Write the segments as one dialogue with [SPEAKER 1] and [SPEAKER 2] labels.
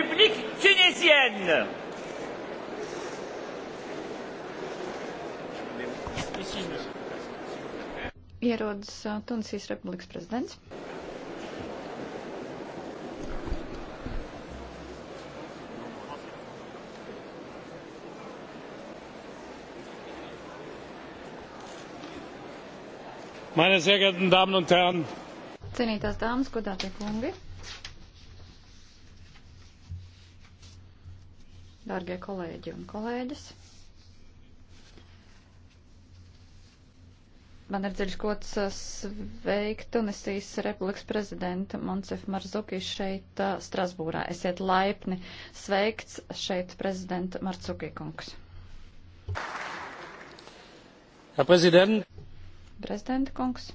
[SPEAKER 1] République tunisienne.
[SPEAKER 2] Ierodas uh, Tunisijas Republikas prezidents.
[SPEAKER 1] Meine sehr geehrten Damen und Herren!
[SPEAKER 2] Cienītās dāmas, godātie kungi! Dārgie kolēģi un kolēģis, man ir dziļš gods uh, sveikt Tunisijas republikas prezidenta Monsef Marzuki šeit uh, Strasbūrā. Esiet laipni sveikts šeit prezidenta Marzuki kungs.
[SPEAKER 1] Herr Präsident.
[SPEAKER 2] Prezidenta kungs.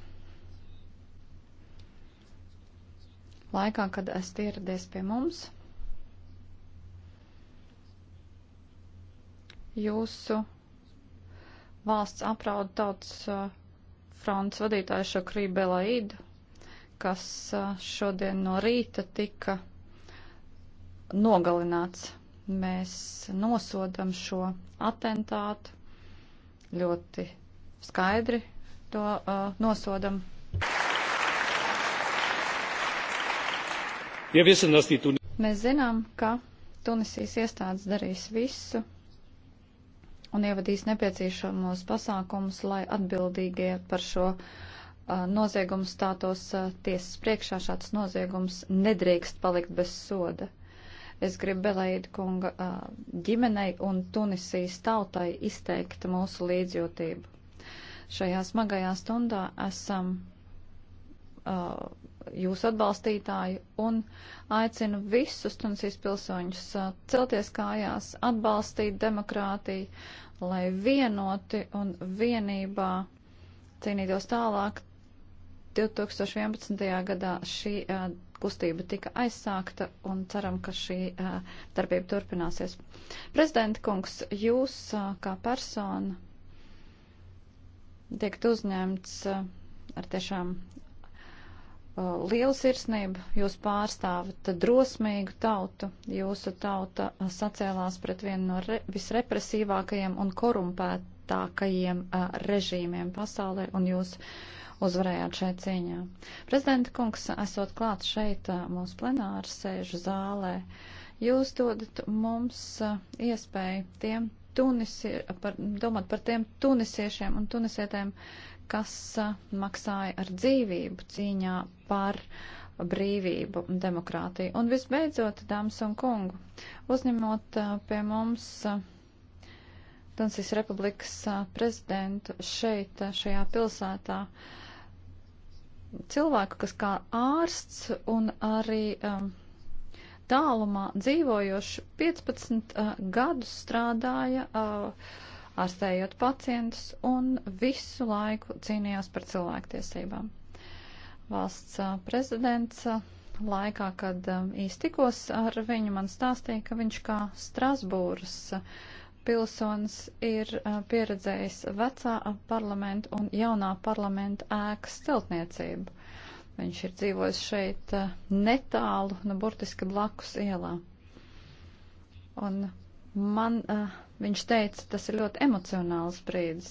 [SPEAKER 2] Laikā, kad esat ieradies pie mums, jūsu valsts aprauda tautas uh, fronts vadītāju Šokrī Belaidu, kas uh, šodien no rīta tika nogalināts. Mēs nosodam šo atentātu ļoti skaidri to uh, nosodam.
[SPEAKER 1] Ja visu, Mēs
[SPEAKER 2] zinām, ka Tunisijas iestādes darīs visu, un ievadīs nepieciešamos pasākumus, lai atbildīgie par šo uh, noziegumu stātos uh, tiesas priekšā. Šāds noziegums nedrīkst palikt bez soda. Es gribu Belaida kunga uh, ģimenei un Tunisijas tautai izteikt mūsu līdzjūtību. Šajā smagajā stundā esam uh, jūsu atbalstītāji un aicinu visus Tunisijas pilsoņus celties kājās, atbalstīt demokrātiju, lai vienoti un vienībā cīnītos tālāk. 2011. gadā šī uh, kustība tika aizsākta un ceram, ka šī uh, darbība turpināsies. Prezidenta kungs, jūs uh, kā persona tiekat uzņemts uh, ar tiešām Uh, liela sirsnība, jūs pārstāvat drosmīgu tautu, jūsu tauta uh, sacēlās pret vienu no re, visrepresīvākajiem un korumpētākajiem a, uh, režīmiem pasaulē, un jūs uzvarējāt šai cīņā. Prezidenta kungs, esot klāt šeit a, mūsu plenāru sēžu zālē, jūs dodat mums a, iespēju tiem tunisi, par, domāt par tiem tunisiešiem un tunisietēm, kas uh, maksāja ar dzīvību cīņā par brīvību un demokrātiju. Un visbeidzot, dāmas un kungu, uzņemot uh, pie mums Tansijas uh, Republikas prezidentu šeit, šajā pilsētā, cilvēku, kas kā ārsts un arī um, tālumā dzīvojoši 15 uh, gadus strādāja. Uh, ārstējot pacientus un visu laiku cīnījās par cilvēktiesībām. Valsts prezidents laikā, kad īsti tikos ar viņu, man stāstīja, ka viņš kā Strasbūras pilsonis ir pieredzējis vecā parlamenta un jaunā parlamenta ēkas celtniecību. Viņš ir dzīvojis šeit netālu, nu, burtiski blakus ielā. Un Man uh, viņš teica, tas ir ļoti emocionāls brīdis.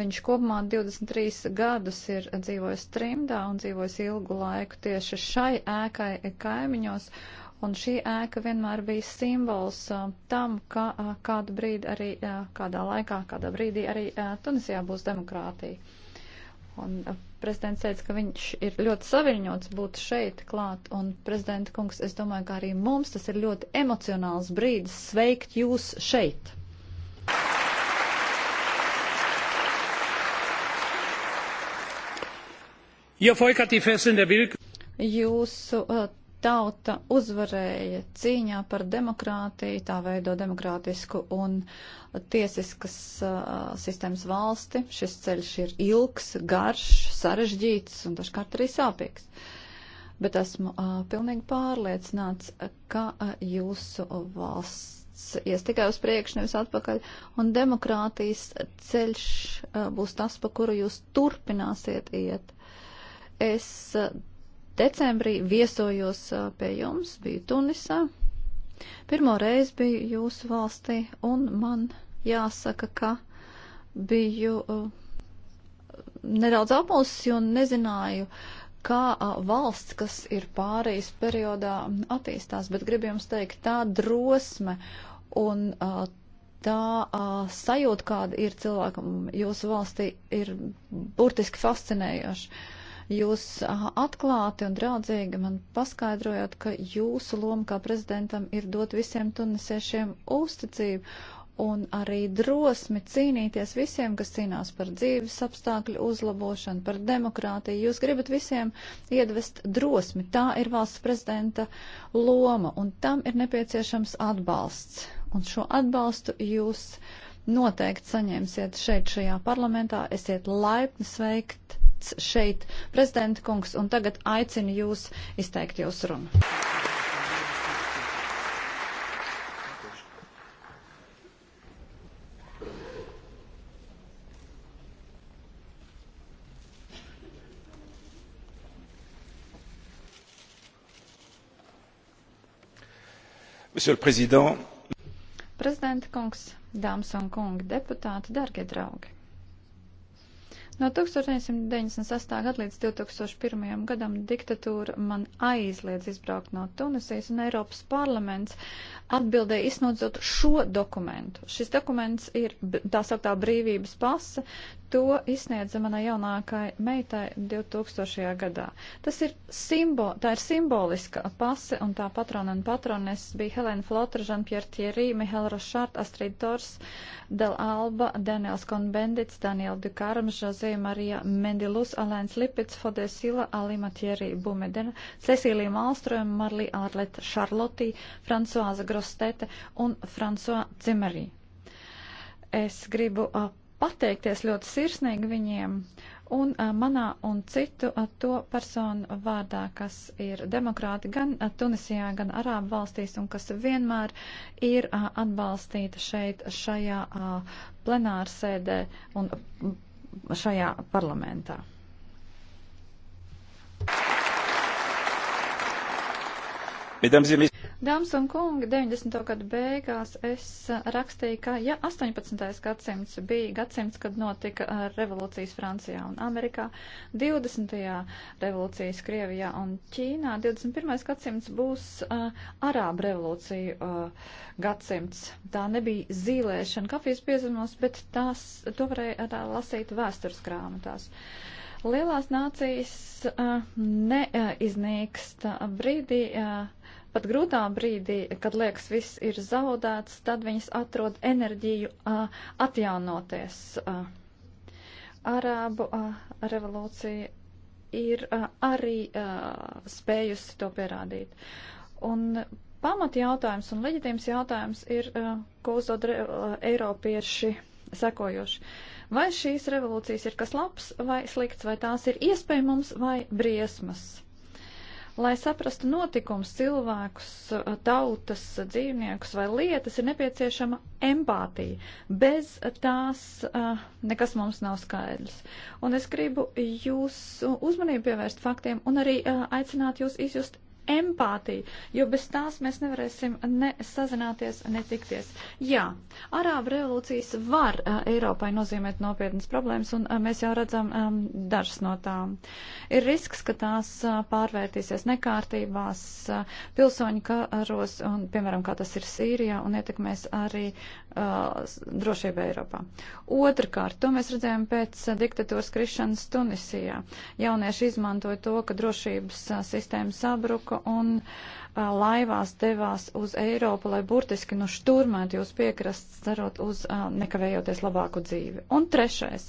[SPEAKER 2] Viņš kopumā 23 gadus ir dzīvojis trimdā un dzīvojis ilgu laiku tieši šai ēkai kaimiņos, Un šī ēka vienmēr bija simbols uh, tam, ka uh, kādu brīdi arī, uh, kādā laikā, kādā brīdī arī uh, Tunisijā būs demokrātija. Un uh, prezidents teica, ka viņš ir ļoti saviņots būt šeit klāt. Un prezidenta kungs, es domāju, ka arī mums tas ir ļoti emocionāls brīdis sveikt jūs šeit.
[SPEAKER 1] Ihr Volk hat die Fesseln der Willkür.
[SPEAKER 2] Jūsu uh, tauta uzvarēja cīņā par demokrātiju, tā veido demokrātisku un tiesiskas uh, sistēmas valsti. Šis ceļš ir ilgs, garš, sarežģīts un dažkārt arī sāpīgs. Bet esmu uh, pilnīgi pārliecināts, ka uh, jūsu valsts ies tikai uz priekšu, nevis atpakaļ, un demokrātijas ceļš uh, būs tas, pa kuru jūs turpināsiet iet. Es uh, decembrī viesojos pie jums, biju Tunisā. Pirmo reizi biju jūsu valstī, un man jāsaka, ka biju uh, nedaudz apmulsis, jo nezināju, kā uh, valsts, kas ir pārējais periodā, attīstās, bet gribu jums teikt, tā drosme un uh, tā uh, sajūta, kāda ir cilvēkam jūsu valstī, ir burtiski fascinējoša. Uh, Jūs atklāti un draudzīgi man paskaidrojat, ka jūsu loma kā prezidentam ir dot visiem tunisiešiem uzticību un arī drosmi cīnīties visiem, kas cīnās par dzīves apstākļu uzlabošanu, par demokrātiju. Jūs gribat visiem iedvest drosmi. Tā ir valsts prezidenta loma, un tam ir nepieciešams atbalsts. Un šo atbalstu jūs noteikti saņemsiet šeit, šajā parlamentā. Esiet laipni sveikti fakts šeit, prezidenta kungs, un tagad aicinu jūs izteikt jūsu runu. Monsieur le Président, Prezidenta kungs, dāmas un kungi, deputāti, darbie draugi! No 1998. gada līdz 2001. gadam diktatūra man aizliedz izbraukt no Tunisijas, un Eiropas parlaments atbildēja izsnodzot šo dokumentu. Šis dokuments ir tā sauktā brīvības pasa, To izsniedza manai jaunākai meitai 2000. gadā. Tas ir simbol, tā ir simboliska pase, un tā patrona un patrones bija Helēna Flotra, Jean-Pierre Thierry, Mihail Rošārt, Astrid Tors, Del Alba, Daniels Konbendits, Daniel Dukarms, José Marija Mendilus, Alēns Lipits, Fode Sila, Alima Thierry Bumedena, Cecīlija Malstrojuma, Marlī Arleta Šarlotī, Francoāza Grostete un Francoā Cimerī. Es gribu uh, pateikties ļoti sirsnīgi viņiem un uh, manā un citu uh, to personu vārdā, kas ir demokrāti gan uh, Tunisijā, gan Arābu valstīs un kas vienmēr ir uh, atbalstīta šeit šajā uh, plenārsēdē un šajā parlamentā. Dāmas un kungi, 90. gadu beigās es rakstīju, ka ja 18. gadsimts bija gadsimts, kad notika uh, revolūcijas Francijā un Amerikā, 20. revolūcijas Krievijā un Ķīnā, 21. gadsimts būs uh, Arābu revolūciju uh, gadsimts. Tā nebija zīlēšana kafijas piezumos, bet tās, to varēja tā, lasīt vēstures grāmatās. Uh, lielās nācijas uh, neiznīkst uh, brīdī, uh, Pat grūtā brīdī, kad liekas viss ir zaudēts, tad viņas atrod enerģiju uh, atjaunoties. Uh, Arābu uh, revolūcija ir uh, arī uh, spējusi to pierādīt. Un pamat jautājums un leģitīms jautājums ir, uh, ko uzdod re, uh, Eiropieši sekojoši. Vai šīs revolūcijas ir kas labs vai slikts, vai tās ir iespējams vai briesmas? Lai saprastu notikums, cilvēkus, eh, tautas, dzīvniekus vai lietas, ir nepieciešama empātija. Bez tās eh, nekas mums nav skaidrs. Un es gribu jūsu uzmanību pievērst faktiem un arī eh, aicināt jūs izjust empātiju, jo bez tās mēs nevarēsim ne sazināties, ne tikties. Jā, Arābu revolūcijas var uh, Eiropai nozīmēt nopietnas problēmas, un uh, mēs jau redzam um, dažas no tām. Ir risks, ka tās uh, pārvērtīsies nekārtībās, uh, pilsoņu karos, un, piemēram, kā tas ir Sīrijā, un ietekmēs arī uh, drošība Eiropā. Otrakārt, to mēs redzējām pēc uh, diktatūras krišanas Tunisijā. Jaunieši izmantoja to, ka drošības uh, sistēma sabruka un uh, laivās devās uz Eiropu, lai burtiski nu šturmētu jūs piekrasts, cerot uz uh, nekavējoties labāku dzīvi. Un trešais.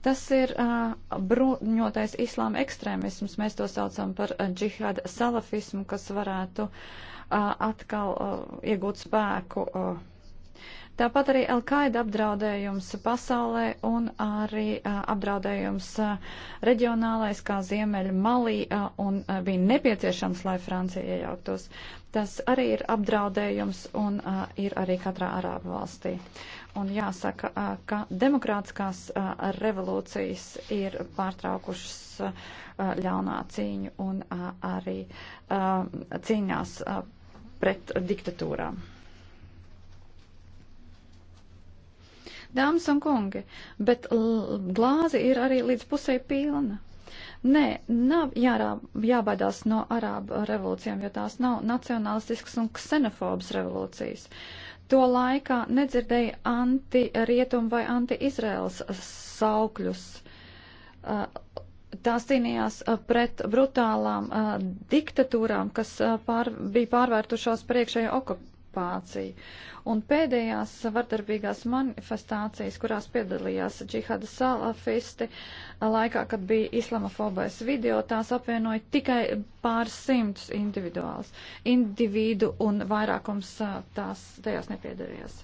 [SPEAKER 2] Tas ir uh, bruņotais islāma ekstrēmisms, mēs to saucam par uh, džihāda salafismu, kas varētu uh, atkal uh, iegūt spēku. Uh, Tāpat arī Al-Qaida apdraudējums pasaulē un arī apdraudējums reģionālais, kā Ziemeļa Malī, un bija nepieciešams, lai Francija iejauktos. Tas arī ir apdraudējums un ir arī katrā arābu valstī. Un jāsaka, ka demokrātiskās revolūcijas ir pārtraukušas ļaunā cīņu un arī cīņās pret diktatūrām. Dāmas un kungi, bet glāze ir arī līdz pusē pilna. Nē, nav jārā, jābaidās no arābu revolūcijām, jo tās nav nacionālistiskas un ksenofobas revolūcijas. To laikā nedzirdēja anti-rietumu vai anti-izraels saukļus. Uh, tās cīnījās pret brutālām uh, diktatūrām, kas uh, pār, bija pārvērtušās priekšējo okupāciju. Un pēdējās vardarbīgās manifestācijas, kurās piedalījās džihada salafisti, laikā, kad bija islamofobais video, tās apvienoja tikai pāris simtus individuāls individu un vairākums tās tajās nepiedarījās.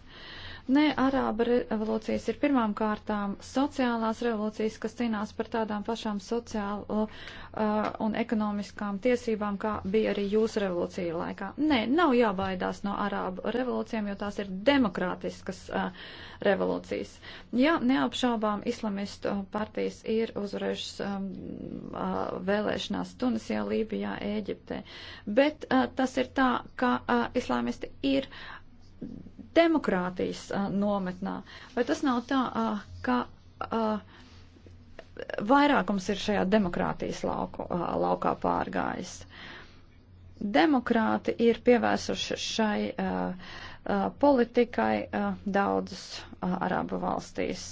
[SPEAKER 2] Ne, Arāba revolūcijas ir pirmām kārtām sociālās revolūcijas, kas cīnās par tādām pašām sociālo uh, un ekonomiskām tiesībām, kā bija arī jūsu revolūcija laikā. Nē, nav jābaidās no Arābu revolūcijām, jo tās ir demokrātiskas uh, revolūcijas. Jā, neapšaubām islamistu partijas ir uzvarējušas um, uh, vēlēšanās Tunisijā, Lībijā, Ēģiptē. Bet uh, tas ir tā, ka uh, islamisti ir demokrātijas a, nometnā. Vai tas nav tā, a, ka a, vairākums ir šajā demokrātijas lauku, a, laukā pārgājis? Demokrāti ir pievērsuši šai a, a, politikai a, daudzas a, Arābu valstīs.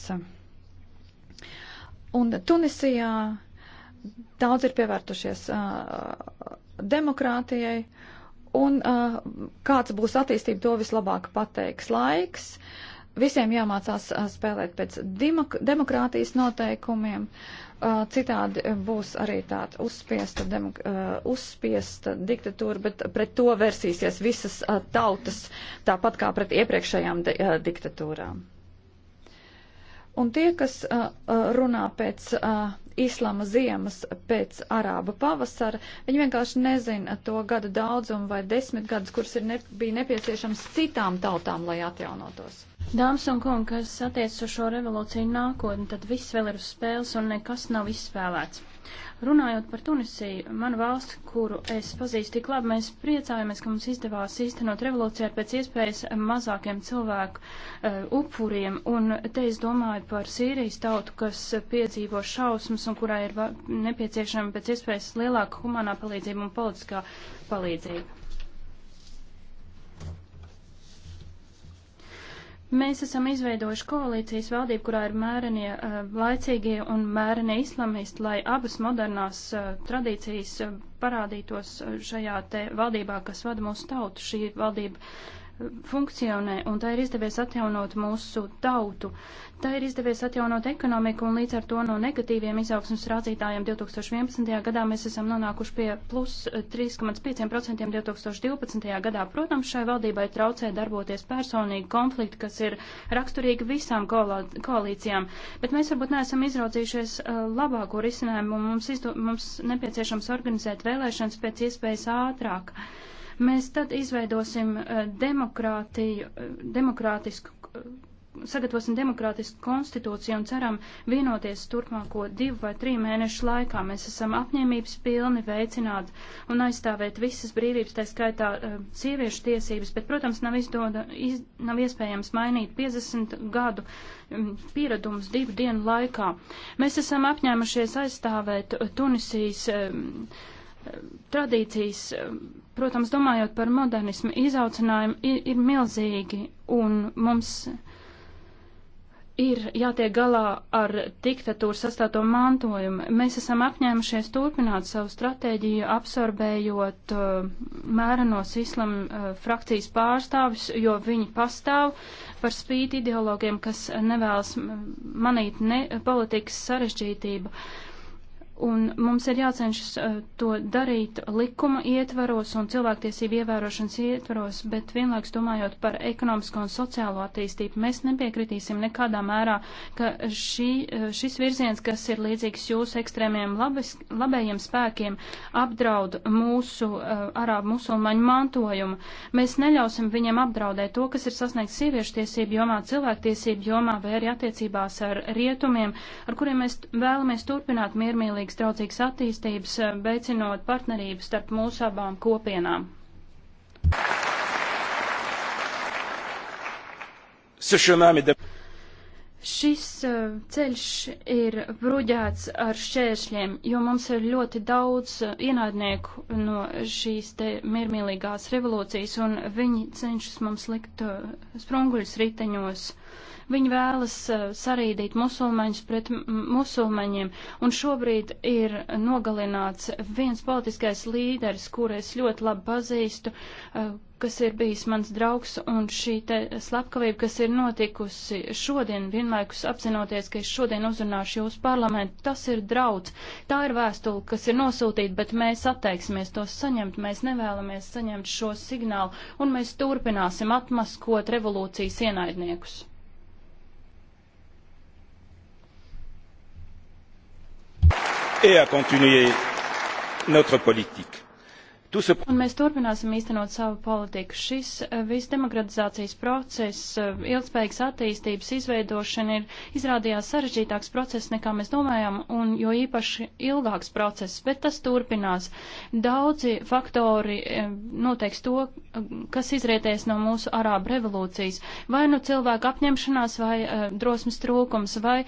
[SPEAKER 2] Un Tunisijā daudz ir pievērtušies a, demokrātijai. A, Un uh, kāds būs attīstība, to vislabāk pateiks laiks. Visiem jāmācās uh, spēlēt pēc demokrātijas noteikumiem. Uh, citādi būs arī tāda uzspiesta, demok, uh, uzspiesta diktatūra, bet pret to versīsies visas uh, tautas, tāpat kā pret iepriekšējām di uh, diktatūrām. Un tie, kas uh, uh runā pēc. Uh, islama ziemas pēc arāba pavasara. Viņi vienkārši nezina to gadu daudzumu vai desmit gadus, kurus ir ne, bija nepieciešams citām tautām, lai atjaunotos.
[SPEAKER 3] Dāmas un kungi, kas attiec uz šo revolūciju nākotni, tad viss vēl ir uz spēles un nekas nav izspēlēts. Runājot par Tunisiju, manu valstu, kuru es pazīstu tik labi, mēs priecājamies, ka mums izdevās īstenot revolūciju ar pēc iespējas mazākiem cilvēku uh, upuriem. Un te es domāju par Sīrijas tautu, kas piedzīvo šausmas un kurai ir nepieciešama pēc iespējas lielāka humanā palīdzība un politiskā palīdzība. Mēs esam izveidojuši koalīcijas valdību, kurā ir mērenie eh, laicīgie un mērenie islamisti, lai abas modernās eh, tradīcijas eh, parādītos šajā te valdībā, kas vada mūsu tautu. Šī valdība funkcionē, un tā ir izdevies atjaunot mūsu tautu. Tā ir izdevies atjaunot ekonomiku, un līdz ar to no negatīviem izaugsmas rādītājiem 2011. gadā mēs esam nonākuši pie plus 3,5% eh, 2012. gadā. Protams, šai valdībai traucē darboties personīgi konflikti, kas ir raksturīgi visām koalīcijām, bet mēs varbūt neesam izraudzījušies eh, labāko risinājumu, un mums, izdo, mums nepieciešams organizēt vēlēšanas pēc iespējas ātrāk. Mēs tad izveidosim eh, demokrātiju, eh, demokrātisku, eh, sagatavosim demokrātisku konstitūciju un ceram vienoties turpmāko divu vai trīs mēnešu laikā. Mēs esam apņēmības pilni veicināt un aizstāvēt visas brīvības, tā skaitā sieviešu tiesības, bet, protams, nav, izdoda, iz, nav iespējams mainīt 50 gadu mm, pieredums divu dienu laikā. Mēs esam apņēmušies aizstāvēt Tunisijas tradīcijas, um, protams, domājot par modernismu, izaucinājumi ir, ir milzīgi, un mums ir jātiek galā ar diktatūru sastāto mantojumu. Mēs esam apņēmušies turpināt savu stratēģiju, absorbējot uh, mērenos islam uh, frakcijas pārstāvis, jo viņi pastāv par spīti ideologiem, kas nevēlas manīt ne politikas sarežģītību. Uh, Un mums ir jācenšas uh, to darīt likuma ietvaros un cilvēktiesību ievērošanas ietvaros, bet vienlaiks domājot par ekonomisko un sociālo attīstību, mēs nepiekritīsim nekādā mērā, ka šī, eh, šis virziens, kas ir līdzīgs jūsu ekstrēmiem labes, labējiem spēkiem, apdraud mūsu uh, arābu musulmaņu mantojumu. Mēs neļausim viņiem apdraudēt to, kas ir sasniegts sieviešu tiesību jomā, cilvēktiesību jomā vai arī attiecībās ar rietumiem, ar kuriem mēs vēlamies turpināt miermīlīgi labvēlīgas traucīgas attīstības, eh, veicinot partnerības starp mūsu abām kopienām. Ce chemin, mesdames. Šis e, ceļš ir bruģēts ar šķēršļiem, jo mums ir ļoti daudz e, ienaidnieku no šīs te miermīlīgās revolūcijas, un viņi cenšas mums likt e, sprunguļus riteņos. Viņi vēlas sarīdīt musulmaņus pret musulmaņiem, un šobrīd ir nogalināts viens politiskais līderis, kur es ļoti labi pazīstu, kas ir bijis mans draugs, un šī slepkavība, kas ir notikusi šodien, vienlaikus apzinoties, ka es šodien uzrunāšu jūsu parlamentu, tas ir draudz. Tā ir vēstule, kas ir nosūtīta, bet mēs atteiksimies to saņemt, mēs nevēlamies saņemt šo signālu, un mēs turpināsim atmaskot revolūcijas ienaidniekus.
[SPEAKER 2] Et à continuer notre politique.
[SPEAKER 3] Un mēs turpināsim īstenot savu politiku. Šis eh, viss demokratizācijas process, eh, ilgspējīgas attīstības izveidošana ir izrādījās sarežģītāks process, nekā mēs domājām, un jo īpaši ilgāks process, bet tas turpinās. Daudzi faktori eh, noteiks to, kas izrietēs no mūsu arābu revolūcijas. Vai nu cilvēku apņemšanās, vai drosmes trūkums, vai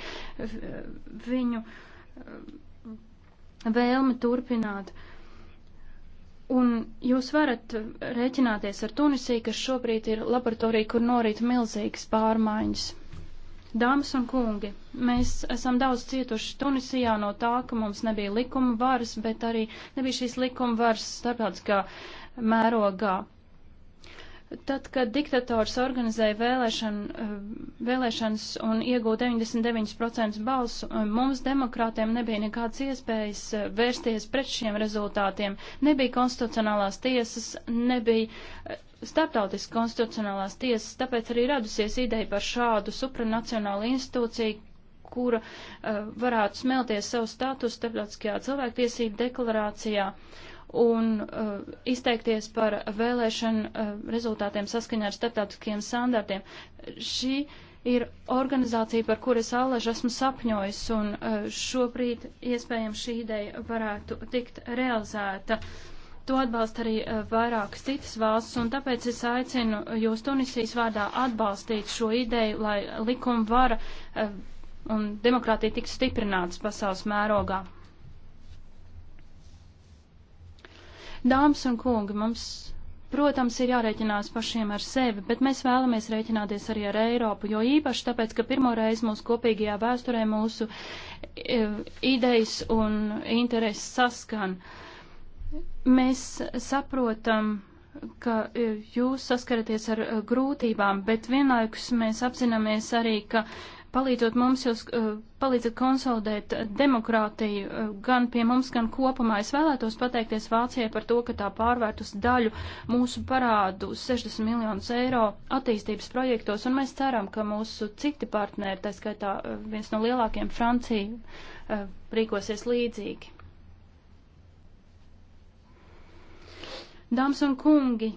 [SPEAKER 3] viņu vēlme turpināt. Uh, Un jūs varat rēķināties ar Tunisiju, kas šobrīd ir laboratorija, kur norit milzīgas pārmaiņas. Dāmas un kungi, mēs esam daudz cietuši Tunisijā no tā, ka mums nebija likuma varas, bet arī nebija šīs likuma varas starptautiskā mērogā. Tad, kad diktators organizēja vēlēšanu, eh, vēlēšanas un iegūta 99% balsu, eh, mums demokrātiem nebija nekādas iespējas eh, vērsties pret šiem rezultātiem. Nebija konstitucionālās tiesas, nebija starptautiskas konstitucionālās tiesas, tāpēc arī radusies ideja par šādu supranacionālu institūciju, kura uh, varētu smelties savu statusu starptautiskajā cilvēktiesību deklarācijā. Uh, un uh, izteikties par vēlēšanu uh, rezultātiem saskaņā ar starptautiskiem standartiem. Šī ir organizācija, par kuru es allaž esmu sapņojis, un uh, šobrīd iespējams šī ideja varētu tikt realizēta. To atbalsta arī uh, vairākas citas valsts, un tāpēc es aicinu jūs Tunisijas vārdā atbalstīt šo ideju, lai likuma vara uh, un demokrātija tiks stiprinātas pasaules mērogā. Dāmas un kungi, mums, protams, ir jārēķinās pašiem ar sevi, bet mēs vēlamies rēķināties arī ar Eiropu, jo īpaši tāpēc, ka pirmoreiz mūsu kopīgajā vēsturē mūsu e, idejas un intereses saskan. Mēs saprotam, ka e, jūs saskaraties ar e, grūtībām, bet vienlaikus mēs apzināmies arī, ka palīdzot mums, jūs eh, palīdzat konsolidēt demokrātiju eh, gan pie mums, gan kopumā. Es vēlētos pateikties Vācijai par to, ka tā pārvērtus daļu mūsu parādu 60 miljonus eiro attīstības projektos, un mēs ceram, ka mūsu citi partneri, tā skaitā eh, viens no lielākiem Francija, rīkosies līdzīgi. Dāmas un kungi!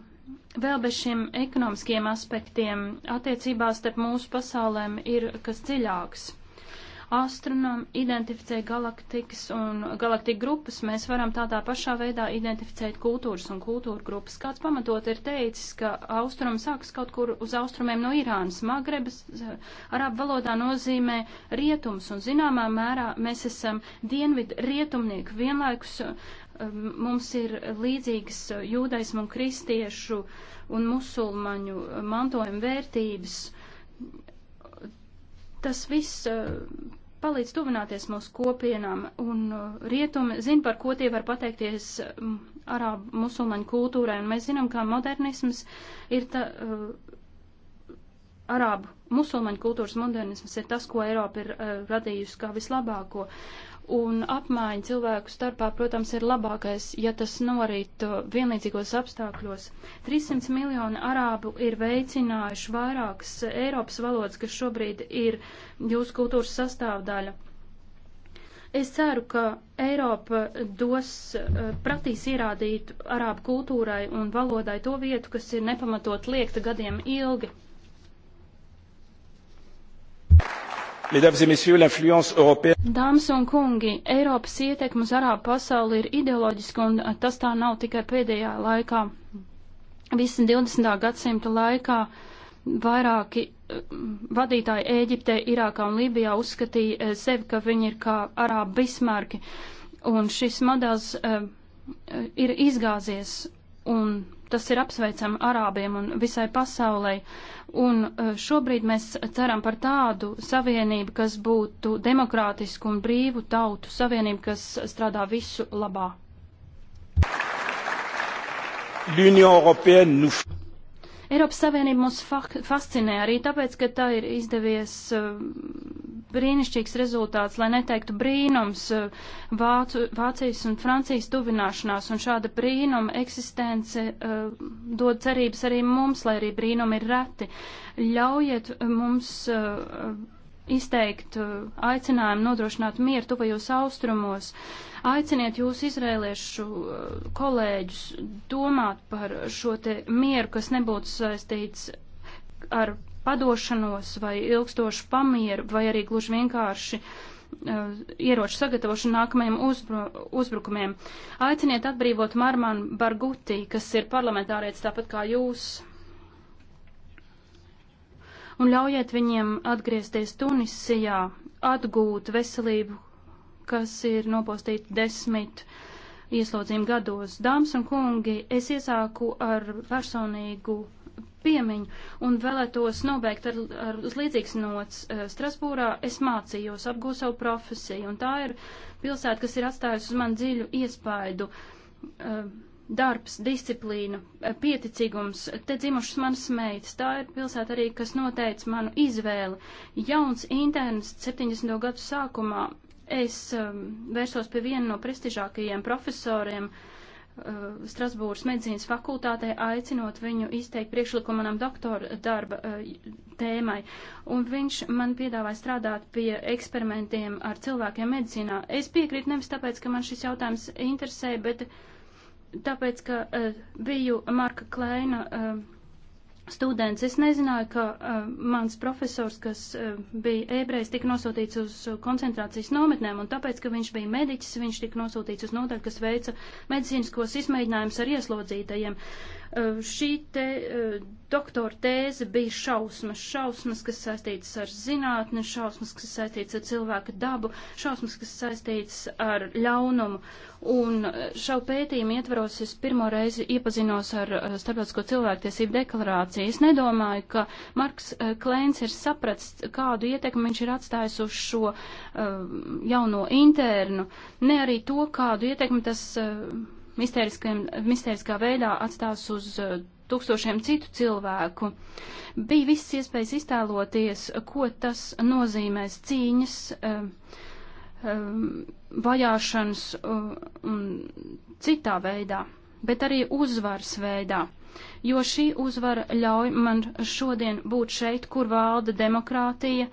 [SPEAKER 3] vēl bez šiem ekonomiskiem aspektiem attiecībās starp mūsu pasaulēm ir kas dziļāks. Astronomi identificē galaktikas un galaktika grupas, mēs varam tādā pašā veidā identificēt kultūras un kultūra grupas. Kāds pamatot ir teicis, ka austrumi sākas kaut kur uz austrumiem no Irānas. Magrebas arab valodā nozīmē rietums un zināmā mērā mēs esam dienvidu rietumnieki vienlaikus mums ir līdzīgas jūdaismu un kristiešu un musulmaņu mantojuma vērtības. Tas viss uh, palīdz tuvināties mūsu kopienām, un uh, rietumi zina, par ko tie var pateikties um, arābu musulmaņu kultūrai, un mēs zinām, kā modernisms ir ta, uh, arābu musulmaņu kultūras modernisms ir tas, ko Eiropa ir uh, radījusi kā vislabāko, un apmaiņa cilvēku starpā, protams, ir labākais, ja tas norit uh, vienlīdzīgos apstākļos. 300 miljoni arābu ir veicinājuši vairākas uh, Eiropas valodas, kas šobrīd ir jūsu kultūras sastāvdaļa. Es ceru, ka Eiropa uh, dos, pratīs ierādīt arābu kultūrai un valodai to vietu, kas ir nepamatot liekta gadiem ilgi
[SPEAKER 2] Dāmas
[SPEAKER 3] un kungi, Eiropas ietekme uz arābu pasauli ir ideoloģiska, un tas tā nav tikai pēdējā laikā. Visa 20. gadsimta laikā vairāki eh, vadītāji Ēģiptē, Irākā un Lībijā uzskatīja eh, sevi, ka viņi ir kā arābu bismarki, un šis modelis uh, eh, ir izgāzies, un Tas ir apsveicami arābiem un visai pasaulē. Un e, šobrīd mēs ceram par tādu savienību, kas būtu demokrātisku un brīvu tautu savienību, kas strādā visu labā. Eiropas Savienība mūs fascinē arī tāpēc, ka tā ir izdevies uh, brīnišķīgs rezultāts, lai neteiktu brīnums uh, Vācu, Vācijas un Francijas tuvināšanās, un šāda brīnuma eksistence uh, dod cerības arī mums, lai arī brīnumi ir reti. Ļaujiet mums uh, izteikt uh, aicinājumu nodrošināt mieru tuvajos austrumos. Aiciniet jūs, izrēliešu uh, kolēģus, domāt par šo te mieru, kas nebūtu saistīts ar padošanos vai ilgstošu pamieru, vai arī gluži vienkārši uh, ieroču sagatavošanu nākamajiem uzbru, uzbrukumiem. Aiciniet atbrīvot Marmanu Barguti, kas ir parlamentārietis tāpat kā jūs un ļaujiet viņiem atgriezties Tunisijā, atgūt veselību, kas ir nopostīta desmit ieslodzījuma gados. Dāmas un kungi, es iesāku ar personīgu piemiņu un vēlētos nobeigt ar, ar uz līdzīgs nots. Eh, Strasbūrā es mācījos, apgūstu savu profesiju, un tā ir pilsēta, kas ir atstājusi uz man dziļu iespaidu. Uh, darbs, disciplīna, eh, pieticīgums, te dzimušas manas meitas. Tā ir pilsēta arī, kas noteica manu izvēli. Jauns interns 70. gadu sākumā es um, vērsos pie viena no prestižākajiem profesoriem uh, Strasbūras medicīnas fakultātē, aicinot viņu izteikt priekšlikumu manam doktora darba uh, tēmai. Un viņš man piedāvāja strādāt pie eksperimentiem ar cilvēkiem medicīnā. Es piekrītu nevis tāpēc, ka man šis jautājums interesē, bet uh, tāpēc, ka uh, biju Marka Kleina uh, students. Es nezināju, ka uh, mans profesors, kas uh, bija ebrejs, tika nosūtīts uz koncentrācijas nometnēm, un tāpēc, ka viņš bija mediķis, viņš tika nosūtīts uz nodaļu, kas veica medicīniskos izmēģinājumus ar ieslodzītajiem. Uh, Eh, šī te eh, doktora tēze bija šausmas, šausmas, kas saistītas ar zinātni, šausmas, kas saistītas ar cilvēka dabu, šausmas, kas saistītas ar ļaunumu. Un eh, šau pētījumu ietvaros es pirmo reizi iepazinos ar Starptautisko cilvēktiesību deklarāciju. Es nedomāju, ka Marks Klēns ir sapratis, kādu ietekmi viņš ir atstājis uz šo jauno internu, ne arī to, kādu ietekmi tas misteriskā veidā atstās uz eh, tūkstošiem citu cilvēku. Bija visas iespējas iztēloties, ko tas nozīmēs cīņas, eh, eh, vajāšanas un citā veidā, bet arī uzvaras veidā. Jo šī uzvara ļauj man šodien būt šeit, kur valda demokrātija,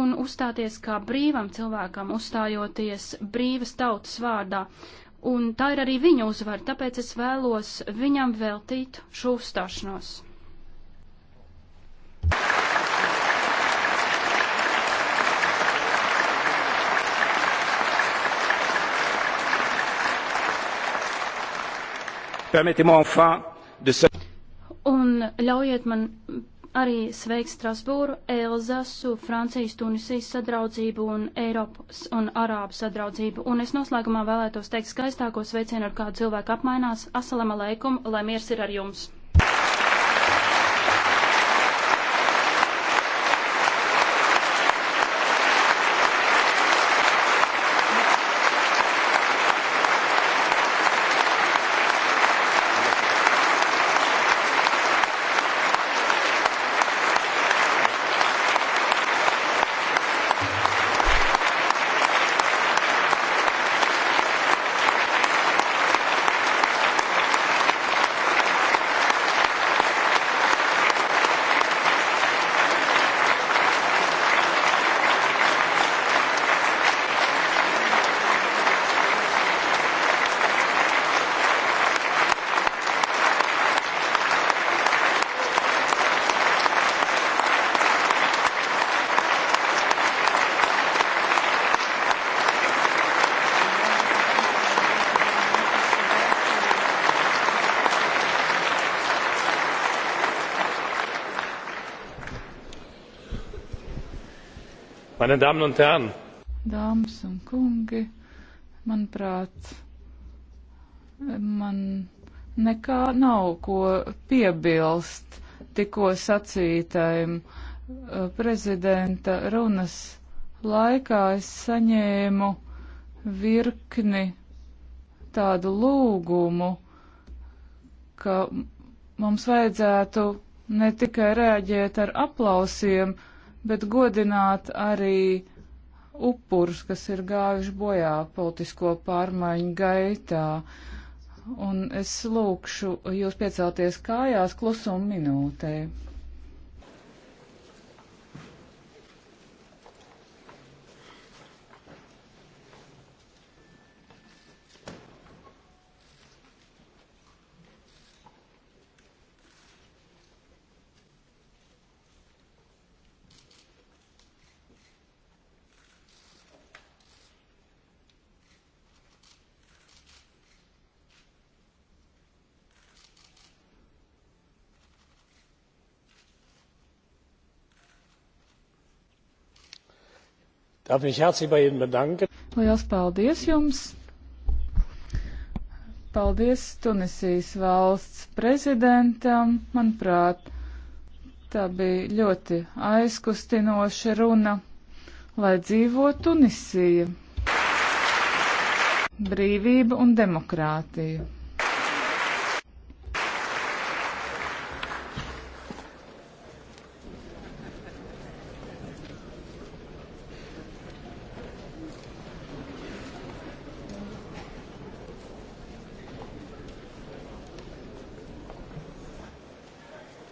[SPEAKER 3] un uzstāties kā brīvam cilvēkam, uzstājoties brīvas tautas vārdā. Uh, un tā ir arī viņa uzvara, tāpēc es vēlos viņam veltīt šo uzstāšanos.
[SPEAKER 1] Permettez-moi enfin de
[SPEAKER 3] Un ļaujiet man arī sveiks Strasbūru, Elzasu, Francijas, Tunisijas sadraudzību un Eiropas un Arābu sadraudzību. Un es noslēgumā vēlētos teikt skaistāko sveicienu, ar kādu cilvēku apmainās. Asalam aleikum, lai miers ir ar jums!
[SPEAKER 1] Meine Damen un Herren! Dāmas un kungi, manuprāt, man nekā nav ko piebilst tikko sacītajam eh, prezidenta runas laikā es saņēmu virkni tādu lūgumu, ka mums vajadzētu ne tikai reaģēt ar aplausiem, bet godināt arī upurus, kas ir gājuši bojā politisko pārmaiņu gaitā. Un es lūkšu jūs piecelties kājās klusuma minūtē. Darf mich herzlich bei Ihnen bedanken. Lielas paldies jums! Paldies Tunisijas valsts prezidentam. Manuprāt, tā bija ļoti aizkustinoša runa, lai dzīvo Tunisija. Brīvība un demokrātija.